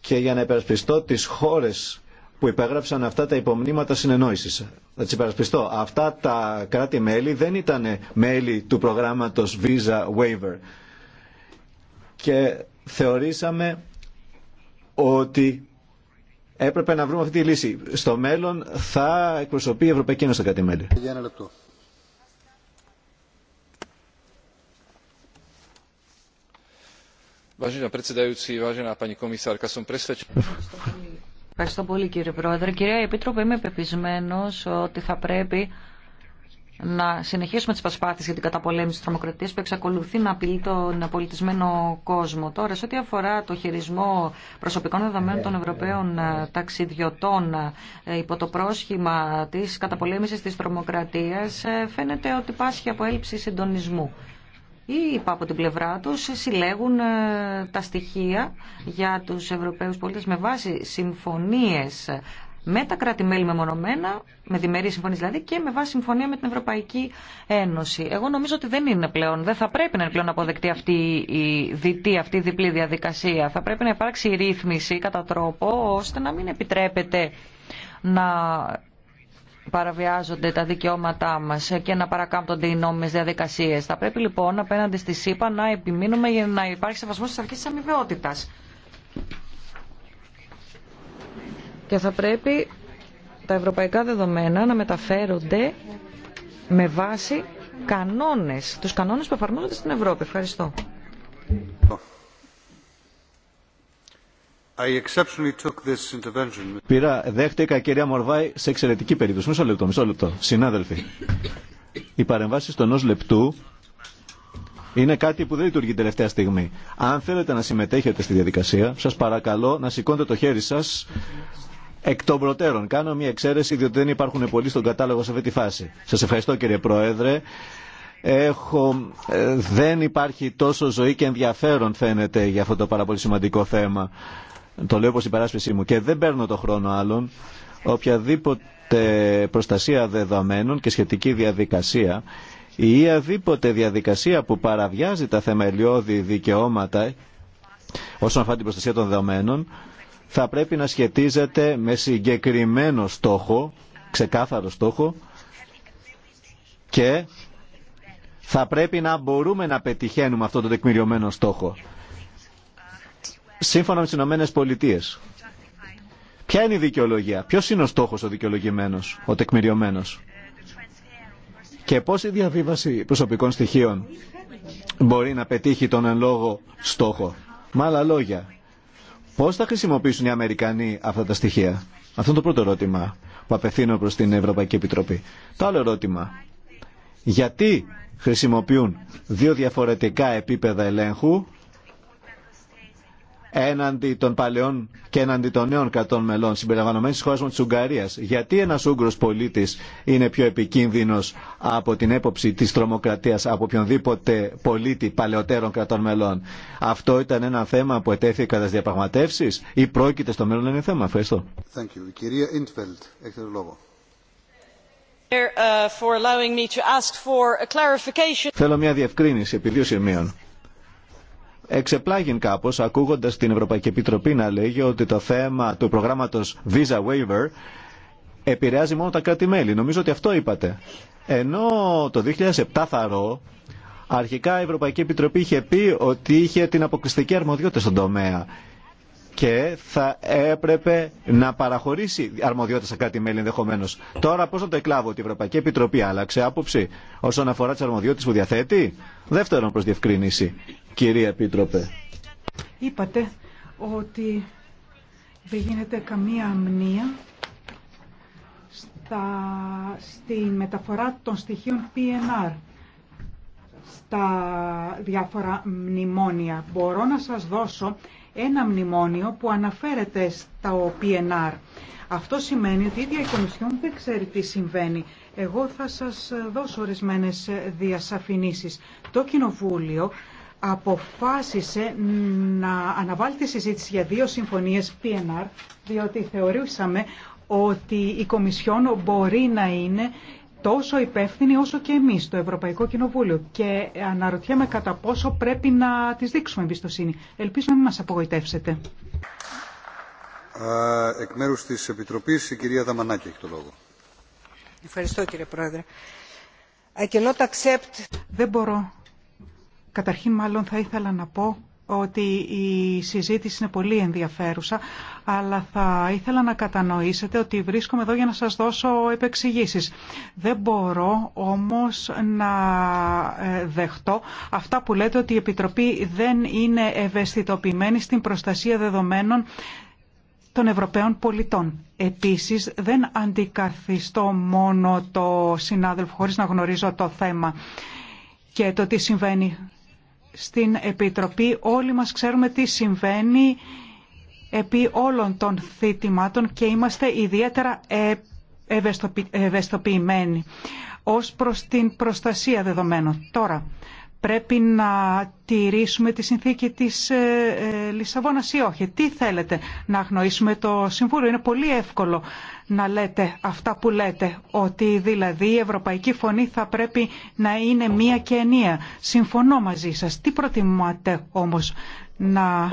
και για να υπερασπιστώ τις χώρες που υπέγραψαν αυτά τα υπομνήματα συνεννόησης. Θα τις υπερασπιστώ. Αυτά τα κράτη-μέλη δεν ήταν μέλη του προγράμματος Visa Waiver. Και θεωρήσαμε ότι έπρεπε να βρούμε αυτή τη λύση. Στο μέλλον θα εκπροσωπεί η Ευρωπαϊκή Ένωση τα κράτη-μέλη. λεπτό. Ευχαριστώ πολύ κύριε Πρόεδρε. Κυρία Επίτροπε, είμαι πεπισμένο ότι θα πρέπει να συνεχίσουμε τι προσπάθειε για την καταπολέμηση τη τρομοκρατίας που εξακολουθεί να απειλεί τον πολιτισμένο κόσμο. Τώρα, σε ό,τι αφορά το χειρισμό προσωπικών δεδομένων των Ευρωπαίων ταξιδιωτών ε, υπό το πρόσχημα τη καταπολέμηση τη τρομοκρατίας, ε, φαίνεται ότι πάσχει από έλλειψη συντονισμού ή είπα από την πλευρά τους συλλέγουν ε, τα στοιχεία για τους Ευρωπαίους πολίτες με βάση συμφωνίες με τα κράτη-μέλη μεμονωμένα, με διμερείς συμφωνίες δηλαδή, και με βάση συμφωνία με την Ευρωπαϊκή Ένωση. Εγώ νομίζω ότι δεν είναι πλέον, δεν θα πρέπει να είναι πλέον αποδεκτή αυτή η διτή, αυτή η διπλή διαδικασία. Θα πρέπει να υπάρξει ρύθμιση κατά τρόπο ώστε να μην επιτρέπεται να παραβιάζονται τα δικαιώματά μας και να παρακάμπτονται οι νόμιμε διαδικασίε. Θα πρέπει λοιπόν απέναντι στη ΣΥΠΑ να επιμείνουμε για να υπάρχει σεβασμός στις αρχές της αμοιβαιότητα. Και θα πρέπει τα ευρωπαϊκά δεδομένα να μεταφέρονται με βάση κανόνες, τους κανόνες που εφαρμόζονται στην Ευρώπη. Ευχαριστώ. Πήρα, δέχτηκα κυρία Μορβάη σε εξαιρετική περίπτωση. Μισό λεπτό, μισό λεπτό. Συνάδελφοι, οι παρεμβάσει του ενό λεπτού είναι κάτι που δεν λειτουργεί τελευταία στιγμή. Αν θέλετε να συμμετέχετε στη διαδικασία, σα παρακαλώ να σηκώνετε το χέρι σα εκ των προτέρων. Κάνω μια εξαίρεση, διότι δεν υπάρχουν πολλοί στον κατάλογο σε αυτή τη φάση. Σα ευχαριστώ κύριε Πρόεδρε. Έχω, ε, δεν υπάρχει τόσο ζωή και ενδιαφέρον φαίνεται για αυτό το πάρα πολύ σημαντικό θέμα. Το λέω όπως η παράσπιση μου και δεν παίρνω το χρόνο άλλων. Οποιαδήποτε προστασία δεδομένων και σχετική διαδικασία ή αδίποτε διαδικασία που παραβιάζει τα θεμελιώδη δικαιώματα όσον αφορά την προστασία των δεδομένων θα πρέπει να σχετίζεται με συγκεκριμένο στόχο, ξεκάθαρο στόχο και θα πρέπει να μπορούμε να πετυχαίνουμε αυτό τον τεκμηριωμένο στόχο σύμφωνα με τι Ηνωμένε Πολιτείε. Ποια είναι η δικαιολογία, ποιος είναι ο στόχος ο δικαιολογημένο, ο τεκμηριωμένος και πώς η διαβίβαση προσωπικών στοιχείων μπορεί να πετύχει τον εν λόγω στόχο. Με άλλα λόγια, πώς θα χρησιμοποιήσουν οι Αμερικανοί αυτά τα στοιχεία. Αυτό είναι το πρώτο ερώτημα που απευθύνω προ την Ευρωπαϊκή Επιτροπή. Το άλλο ερώτημα, γιατί χρησιμοποιούν δύο διαφορετικά επίπεδα ελέγχου έναντι των παλαιών και έναντι των νέων κρατών μελών, συμπεριλαμβανομένη τη χώρα μα τη Ουγγαρία. Γιατί ένα Ούγγρο πολίτη είναι πιο επικίνδυνο από την έποψη τη τρομοκρατία από οποιονδήποτε πολίτη παλαιότερων κρατών μελών. Αυτό ήταν ένα θέμα που ετέθη κατά τι διαπραγματεύσει ή πρόκειται στο μέλλον να είναι θέμα. Ευχαριστώ. Θέλω μια διευκρίνηση επί δύο σημείων εξεπλάγει κάπω, ακούγοντα την Ευρωπαϊκή Επιτροπή να λέγει ότι το θέμα του προγράμματο Visa Waiver επηρεάζει μόνο τα κράτη-μέλη. Νομίζω ότι αυτό είπατε. Ενώ το 2007 ρω αρχικά η Ευρωπαϊκή Επιτροπή είχε πει ότι είχε την αποκλειστική αρμοδιότητα στον τομέα και θα έπρεπε να παραχωρήσει αρμοδιότητα στα κρατη μέλη ενδεχομένω. Τώρα πώ να το εκλάβω ότι η Ευρωπαϊκή Επιτροπή άλλαξε άποψη όσον αφορά τι αρμοδιότητε που διαθέτει. Δεύτερον, προ διευκρίνηση, κυρία Επίτροπε. Είπατε ότι δεν γίνεται καμία αμνία στα, στη μεταφορά των στοιχείων PNR στα διάφορα μνημόνια. Μπορώ να σας δώσω ένα μνημόνιο που αναφέρεται στο PNR. Αυτό σημαίνει ότι η ίδια η Κομισιόν δεν ξέρει τι συμβαίνει. Εγώ θα σας δώσω ορισμένες διασαφηνίσεις Το Κοινοβούλιο αποφάσισε να αναβάλει τη συζήτηση για δύο συμφωνίες PNR, διότι θεωρούσαμε ότι η Κομισιόν μπορεί να είναι τόσο υπεύθυνη όσο και εμείς, το Ευρωπαϊκό Κοινοβούλιο. Και αναρωτιέμαι κατά πόσο πρέπει να της δείξουμε εμπιστοσύνη. Ελπίζω να μην μας απογοητεύσετε. Ε, εκ μέρους της Επιτροπής, η κυρία Δαμανάκη έχει το λόγο. Ευχαριστώ κύριε Πρόεδρε. Δεν μπορώ Καταρχήν μάλλον θα ήθελα να πω ότι η συζήτηση είναι πολύ ενδιαφέρουσα, αλλά θα ήθελα να κατανοήσετε ότι βρίσκομαι εδώ για να σας δώσω επεξηγήσεις. Δεν μπορώ όμως να ε, δεχτώ αυτά που λέτε ότι η Επιτροπή δεν είναι ευαισθητοποιημένη στην προστασία δεδομένων των Ευρωπαίων πολιτών. Επίσης, δεν αντικαθιστώ μόνο το συνάδελφο χωρίς να γνωρίζω το θέμα και το τι συμβαίνει στην Επιτροπή όλοι μας ξέρουμε τι συμβαίνει επί όλων των θητημάτων και είμαστε ιδιαίτερα ε, ευαισθητοποιημένοι ως προς την προστασία δεδομένων. Τώρα, πρέπει να τηρήσουμε τη συνθήκη της ε, ε, Λισαβόνας ή όχι. Τι θέλετε να αγνοήσουμε το Συμβούλιο. Είναι πολύ εύκολο να λέτε αυτά που λέτε, ότι δηλαδή η ευρωπαϊκή φωνή θα πρέπει να είναι μία και ενία. Συμφωνώ μαζί σας. Τι προτιμάτε όμως να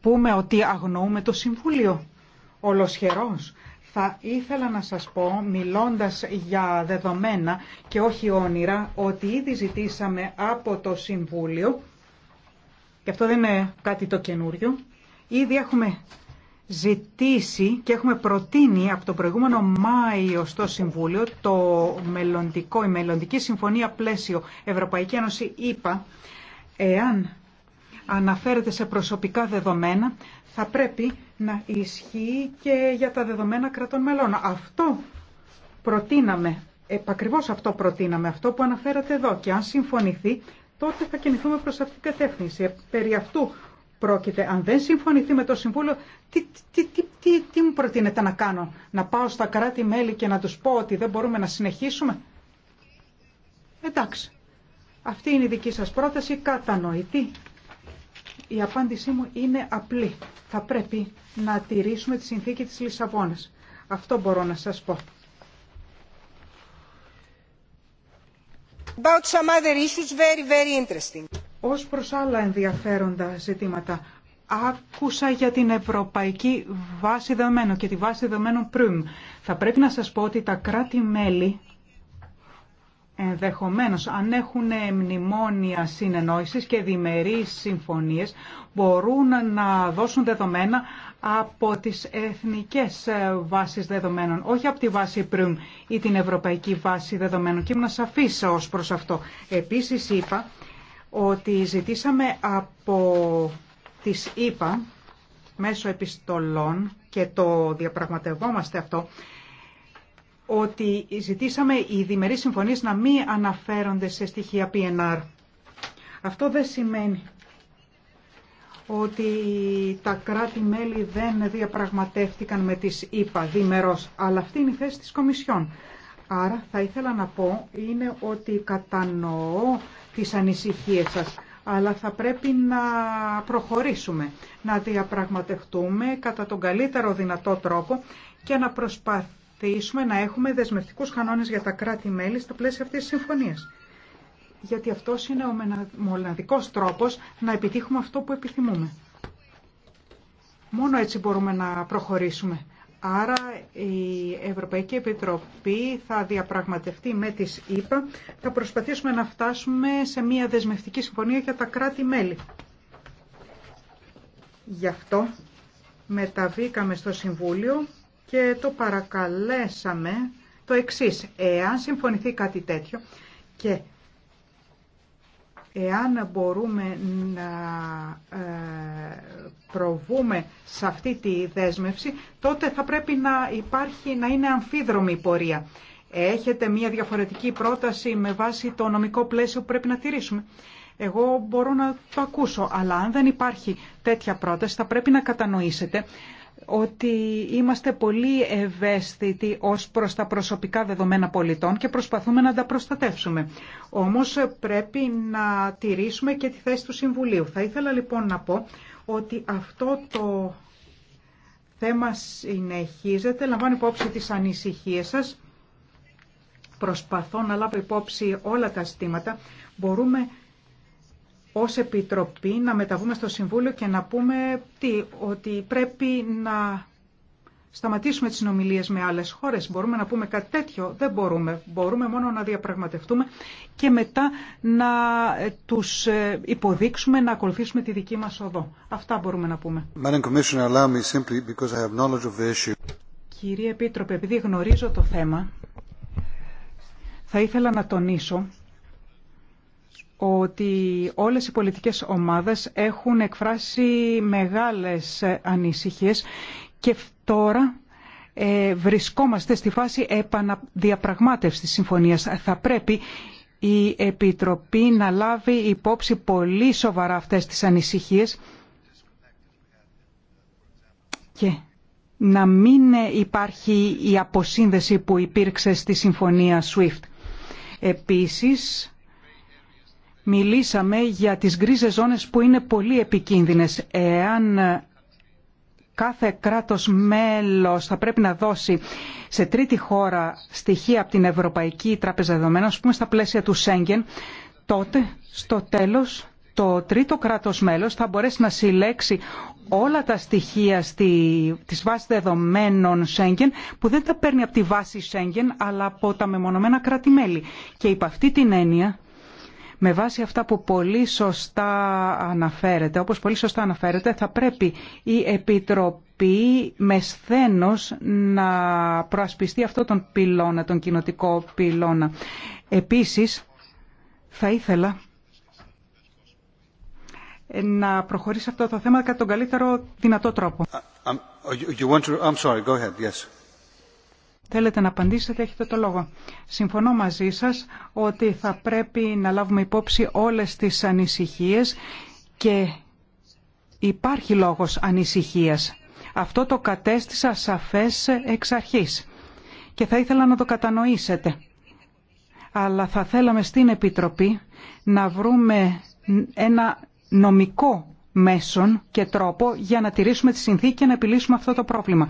πούμε ότι αγνοούμε το Συμβούλιο ολοσχερός. Θα ήθελα να σας πω, μιλώντας για δεδομένα και όχι όνειρα, ότι ήδη ζητήσαμε από το Συμβούλιο, και αυτό δεν είναι κάτι το καινούριο, ήδη έχουμε ζητήσει και έχουμε προτείνει από τον προηγούμενο Μάιο στο Συμβούλιο το μελλοντικό, η μελλοντική συμφωνία πλαίσιο Ευρωπαϊκή Ένωση είπα εάν αναφέρεται σε προσωπικά δεδομένα, θα πρέπει να ισχύει και για τα δεδομένα κρατών μελών. Αυτό προτείναμε, επακριβώς αυτό προτείναμε, αυτό που αναφέρατε εδώ και αν συμφωνηθεί τότε θα κινηθούμε προς αυτήν την κατεύθυνση. Ε, περί αυτού πρόκειται. Αν δεν συμφωνηθεί με το Συμβούλιο, τι, τι, τι, τι, τι μου προτείνετε να κάνω, να πάω στα κράτη-μέλη και να τους πω ότι δεν μπορούμε να συνεχίσουμε. Εντάξει. Αυτή είναι η δική σας πρόταση, κατανοητή η απάντησή μου είναι απλή. Θα πρέπει να τηρήσουμε τη συνθήκη της Λισαβόνας. Αυτό μπορώ να σας πω. About some other issues, very, very interesting. Ως προς άλλα ενδιαφέροντα ζητήματα, άκουσα για την Ευρωπαϊκή Βάση Δεδομένων και τη Βάση Δεδομένων ΠΡΟΥΜ. Θα πρέπει να σας πω ότι τα κράτη-μέλη Ενδεχομένως, αν έχουν μνημόνια συνεννόησης και διμερείς συμφωνίες, μπορούν να δώσουν δεδομένα από τις εθνικές ε, βάσεις δεδομένων, όχι από τη βάση πριν ή την ευρωπαϊκή βάση δεδομένων. Και ήμουν σαφής ως προς αυτό. Επίσης είπα ότι ζητήσαμε από τις ΕΠΑ μέσω επιστολών και το διαπραγματευόμαστε αυτό, ότι ζητήσαμε οι διμερείς συμφωνίες να μην αναφέρονται σε στοιχεία PNR. Αυτό δεν σημαίνει ότι τα κράτη-μέλη δεν διαπραγματεύτηκαν με τις ΙΠΑ διμερώς, αλλά αυτή είναι η θέση της Κομισιόν. Άρα θα ήθελα να πω είναι ότι κατανοώ τις ανησυχίες σας, αλλά θα πρέπει να προχωρήσουμε, να διαπραγματευτούμε κατά τον καλύτερο δυνατό τρόπο και να προσπαθήσουμε Θεήσουμε να έχουμε δεσμευτικούς κανόνε για τα κράτη-μέλη στα πλαίσια αυτής της συμφωνίας. Γιατί αυτό είναι ο μοναδικός τρόπος να επιτύχουμε αυτό που επιθυμούμε. Μόνο έτσι μπορούμε να προχωρήσουμε. Άρα η Ευρωπαϊκή Επιτροπή θα διαπραγματευτεί με τις ΕΠΑ. θα προσπαθήσουμε να φτάσουμε σε μια δεσμευτική συμφωνία για τα κράτη-μέλη. Γι' αυτό μεταβήκαμε στο Συμβούλιο και το παρακαλέσαμε το εξής. Εάν συμφωνηθεί κάτι τέτοιο και εάν μπορούμε να ε, προβούμε σε αυτή τη δέσμευση, τότε θα πρέπει να υπάρχει, να είναι αμφίδρομη η πορεία. Έχετε μια διαφορετική πρόταση με βάση το νομικό πλαίσιο που πρέπει να τηρήσουμε. Εγώ μπορώ να το ακούσω, αλλά αν δεν υπάρχει τέτοια πρόταση θα πρέπει να κατανοήσετε ότι είμαστε πολύ ευαίσθητοι ως προς τα προσωπικά δεδομένα πολιτών και προσπαθούμε να τα προστατεύσουμε. Όμως πρέπει να τηρήσουμε και τη θέση του Συμβουλίου. Θα ήθελα λοιπόν να πω ότι αυτό το θέμα συνεχίζεται, λαμβάνω υπόψη τις ανησυχίες σας, προσπαθώ να λάβω υπόψη όλα τα στήματα. μπορούμε ως Επιτροπή να μεταβούμε στο Συμβούλιο και να πούμε τι, ότι πρέπει να σταματήσουμε τις συνομιλίες με άλλες χώρες. Μπορούμε να πούμε κάτι τέτοιο. Δεν μπορούμε. Μπορούμε μόνο να διαπραγματευτούμε και μετά να ε, τους ε, υποδείξουμε να ακολουθήσουμε τη δική μας οδό. Αυτά μπορούμε να πούμε. Κύριε Επίτροπε, επειδή γνωρίζω το θέμα, θα ήθελα να τονίσω ότι όλες οι πολιτικές ομάδες έχουν εκφράσει μεγάλες ανησυχίες και τώρα ε, βρισκόμαστε στη φάση επαναδιαπραγμάτευσης της συμφωνίας. Θα πρέπει η Επιτροπή να λάβει υπόψη πολύ σοβαρά αυτές τις ανησυχίες και να μην υπάρχει η αποσύνδεση που υπήρξε στη συμφωνία SWIFT. Επίσης, μιλήσαμε για τις γκρίζες ζώνες που είναι πολύ επικίνδυνες. Εάν κάθε κράτος μέλος θα πρέπει να δώσει σε τρίτη χώρα στοιχεία από την Ευρωπαϊκή Τράπεζα Δεδομένων, ας πούμε στα πλαίσια του Σέγγεν, τότε στο τέλος το τρίτο κράτος μέλος θα μπορέσει να συλλέξει όλα τα στοιχεία στη, της βάσης δεδομένων Σέγγεν που δεν τα παίρνει από τη βάση Σέγγεν αλλά από τα μεμονωμένα κράτη-μέλη. Και υπ' αυτή την έννοια με βάση αυτά που πολύ σωστά αναφέρεται, όπως πολύ σωστά αναφέρεται, θα πρέπει η Επιτροπή με σθένος να προασπιστεί αυτό τον πυλώνα, τον κοινοτικό πυλώνα. Επίσης, θα ήθελα να προχωρήσει αυτό το θέμα κατά τον καλύτερο δυνατό τρόπο. Θέλετε να απαντήσετε, έχετε το λόγο. Συμφωνώ μαζί σας ότι θα πρέπει να λάβουμε υπόψη όλες τις ανησυχίες και υπάρχει λόγος ανησυχίας. Αυτό το κατέστησα σαφές εξ αρχής και θα ήθελα να το κατανοήσετε. Αλλά θα θέλαμε στην Επιτροπή να βρούμε ένα νομικό μέσον και τρόπο για να τηρήσουμε τη συνθήκη και να επιλύσουμε αυτό το πρόβλημα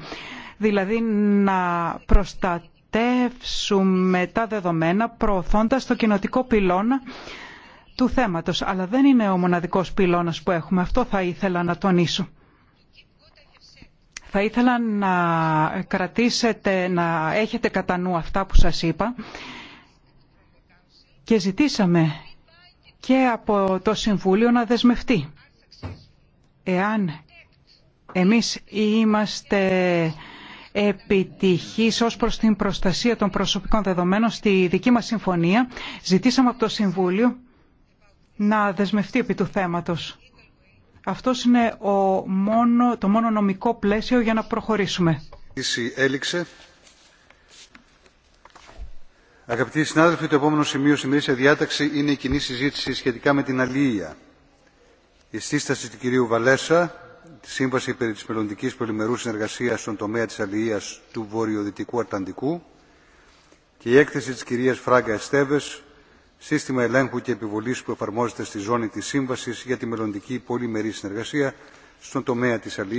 δηλαδή να προστατεύσουμε τα δεδομένα προωθώντας το κοινοτικό πυλώνα του θέματος. Αλλά δεν είναι ο μοναδικός πυλώνας που έχουμε. Αυτό θα ήθελα να τονίσω. Θα ήθελα να κρατήσετε, να έχετε κατά νου αυτά που σας είπα και ζητήσαμε και από το Συμβούλιο να δεσμευτεί. Εάν εμείς είμαστε επιτυχής ως προς την προστασία των προσωπικών δεδομένων στη δική μας συμφωνία, ζητήσαμε από το Συμβούλιο να δεσμευτεί επί του θέματος. Αυτό είναι ο μόνο, το μόνο νομικό πλαίσιο για να προχωρήσουμε. Έληξε. Αγαπητοί συνάδελφοι, το επόμενο σημείο σημερινής διάταξη είναι η κοινή συζήτηση σχετικά με την αλληλεία. Η σύσταση του κυρίου Βαλέσα τη Σύμβαση περί της μελλοντικής πολυμερού συνεργασίας στον τομέα της αλληλείας του Βορειοδυτικού Ατλαντικού και η έκθεση της κυρίας Φράγκα Εστέβες «Σύστημα ελέγχου και επιβολής που εφαρμόζεται στη ζώνη της Σύμβασης για τη μελλοντική πολυμερή συνεργασία στον τομέα της αλληλείας